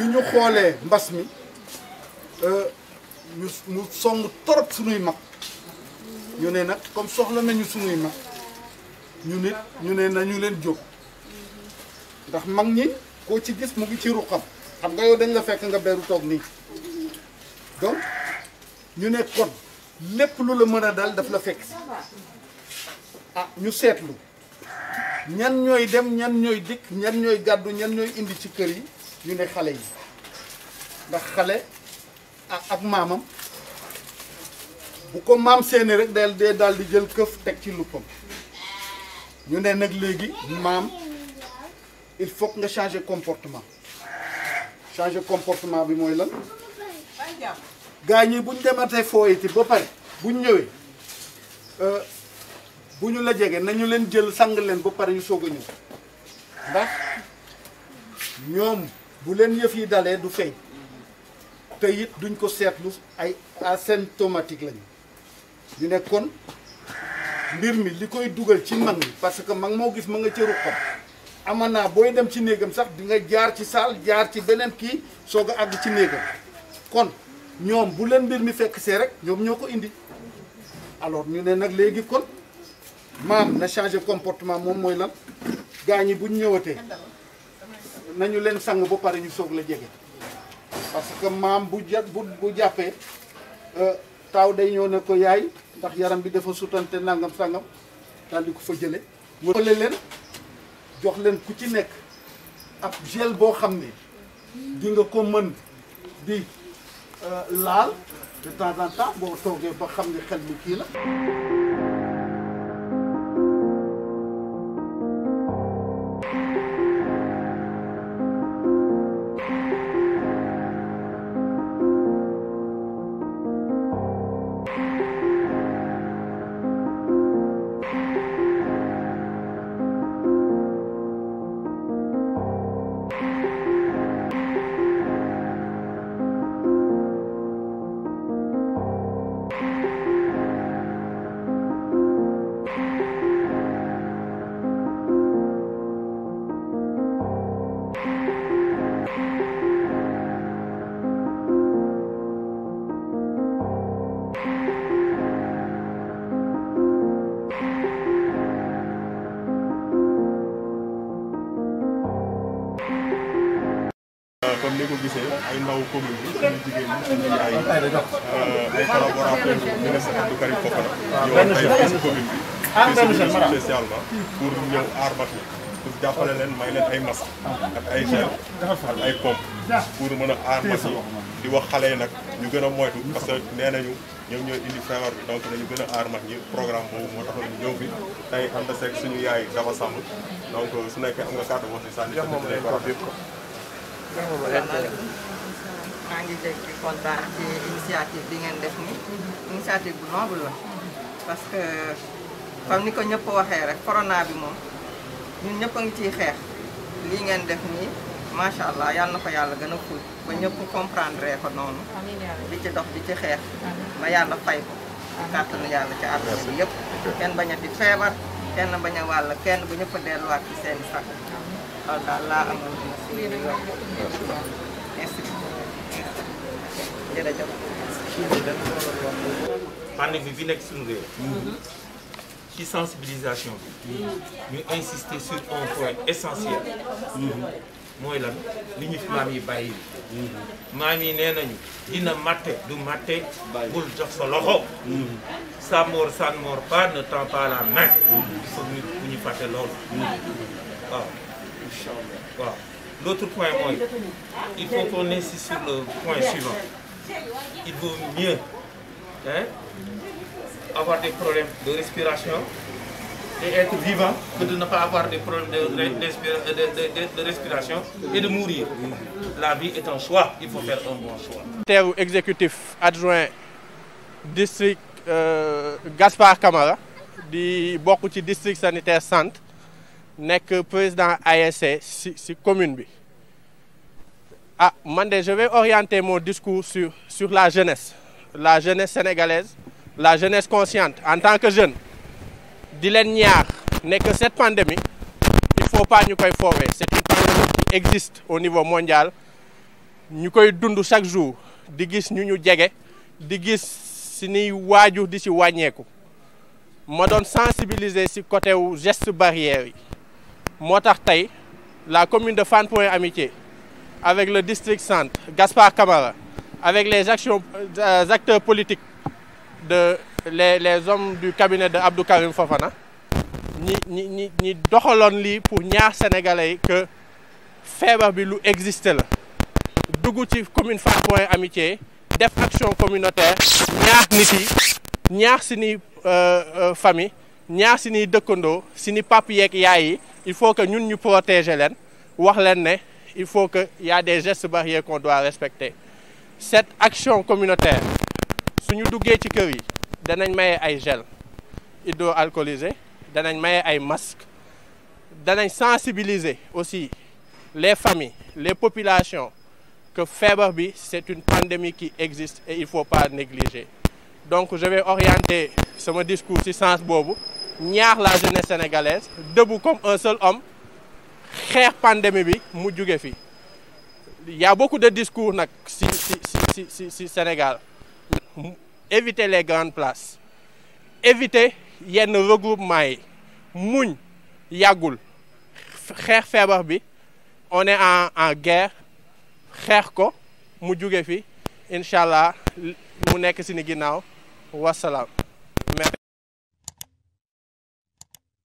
bi ñu xoolee mbas mi euh, ñu mu song torop suñuy mag ñu ne nag comme soxla nañu suñuy mag ñu nit ñu ne nañu leen jóg ndax mag ñi koo ci gis mu ngi ci ruqam xam nga yow dañ la fekk nga beru toog nii donc ñu ne kon lépp lu la mën a dal daf la fekk si ah ñu seetlu ñan ñooy dem ñan ñooy dikk ñan ñooy gàddu ñan ñooy indi ci kër yi ñu ne xale yi ndax xale ak maamam bu ko maam seeni rek day dee daal di jël këf teg ci luppam ñu ne nag léegi maam il faut nga changer comportement changer comportement bi mooy lan gaa ñi bu ñu dematee fooyiti ba pare bu ñu ñëwee euh, bu ñu la jege nañu leen jël sang leen ba pare ñu soog a ñëw ndax ñoom bu leen yëf yi dalee du feeñ te it duñ ko seetlu ay asymptomatique lañu ñu ne kon mbir mi li koy dugal ci man mi parce que mag moo gis ma nga cëru xam amanaa booy dem ci néegam sax dinga jaar ci saal jaar ci beneen kii soog a àgg ci néegam kon ñoom bu leen mbir mi fekk see rek ñoom ñoo ko indi alors ñu ne nag léegi kon maam na changer comportement moom mooy lan gaa ñi buñ ñëwatee nañu leen sang ba pare ñu soog la jege parce que maam bu jat bu bu jàppee euh, taaw day ñëw ne ko yaay ndax yaram bi dafa sutante nangam sangam daal di ko fa jële wële leen jox leen ku ci nekk ab gel boo xam ne di nga ko mën di euh, laal te temps en temps boo toogee ba xam ne xel mi kii la kon ni ko gisee ay ndaw commune bi suñu jigéen ñi suñu yaay yi euh, ay collaborateurs ministre Abdou Karim Fofana ah, ñëwoon tey fii si commune bi ah, fii leen may leen ay masques ak ay ay pompe pour mën a aar bàtt di wax xale yi nag ñu gën a moytu parce que nee nañu ñoom ñooy indi feebar bi donc nañu gën a aar mag ñi programme boobu ñu ñëw fi tey ànd seeg suñu yaay dafa sàmm donc su nekkee am nga carte wax si sànni moom lay ko asalaamaaleykum maa ngi dégg kontaan ci initiative bi ngeen def nii initiative bu noble la parce que comme ni ko ñëpp waxee rek corona bi moom ñun ñëpp a ngi ciy xeex lii ngeen def nii macha allah yal na ko yàlla gën a ful ba ñëpp comprendre ko noonu di ci dox di ci xeex ba yàlla fay ko kàttanu yàlla ci àdduna bi yëpp kenn bañ a di feebar kenn bañ a wàll kenn bu ñëpp delluwaat ci seeni sax loolu daal laa bi nekk suñu réew. ci sensibilisation bi. ñu insister sur un essentiel. mooy lan li ñu fi maam yi bàyyi. maam yi nee nañu dina matte du matte bul jox sa loxo. ça mord ça ne mord pas ne tend main. il ñu fàtte loolu. waaw. incha allah point mooy il le point suivant il vaut mieux avoir des problèmes de respiration et être vivant que de ne pas avoir des problèmes de, respiration et de mourir. La vie est un choix, il faut faire un bon choix. district euh, Gaspard Camara di bokk ci district sanitaire sant nekk président ASC si si commune bi ah man de je vais orienter mon discours sur sur la jeunesse la jeunesse sénégalaise la jeunesse consciente en tant que jeune di leen ñaar nekk cette pandémie il faut pas ñu koy foowee c'est une pandémie qui existe au niveau mondial ñu koy dund chaque jour di gis ñu ñu jege di gis si niy waaju di si wàññeeku ma doon sensibiliser si côté wu geste barrière yi moo tax tey la commune de Fann Point Amitié avec le district centre Gaspard Camara avec les actions les euh, acteurs politiques de les les hommes du cabinet de Abdou Karim Fofana ñi ñi ñi doxaloon lii pour ñaar sénégalais yi que feebar bi lu existé la dugg ci commune Fann Point Amitié def action communautaire ñaax nit yi ñaax suñuy ñaar euh, euh, ñaax suñuy dëkkandoo suñu pap yeeg yaay yi il faut que ñun ñu protéger leen wax leen ne il faut que ya des gestes barrières qu'on doit respecter cette action communautaire suñu duggee ci kër yi danañ maye ay gel hydroalcoolisé danañ maye ay masque danañ sensibiliser aussi les familles les populations que feebar bi c'est une pandémie qui existe et il faut pas négliger donc je vais orienter sama discours ci sens boobu ñaax la jeunesse sénégalaise debout comme un seul homme xeex pandémie bi mu juge fi y a beaucoup de discours nag si si si Sénégal éviter les grandes places éviter yenn regroupement yi muñ yàggul xeex feebar bi on est en en guerre xeex ko mu juge fi incha allah mu nekk si ni ginnaaw wasalaam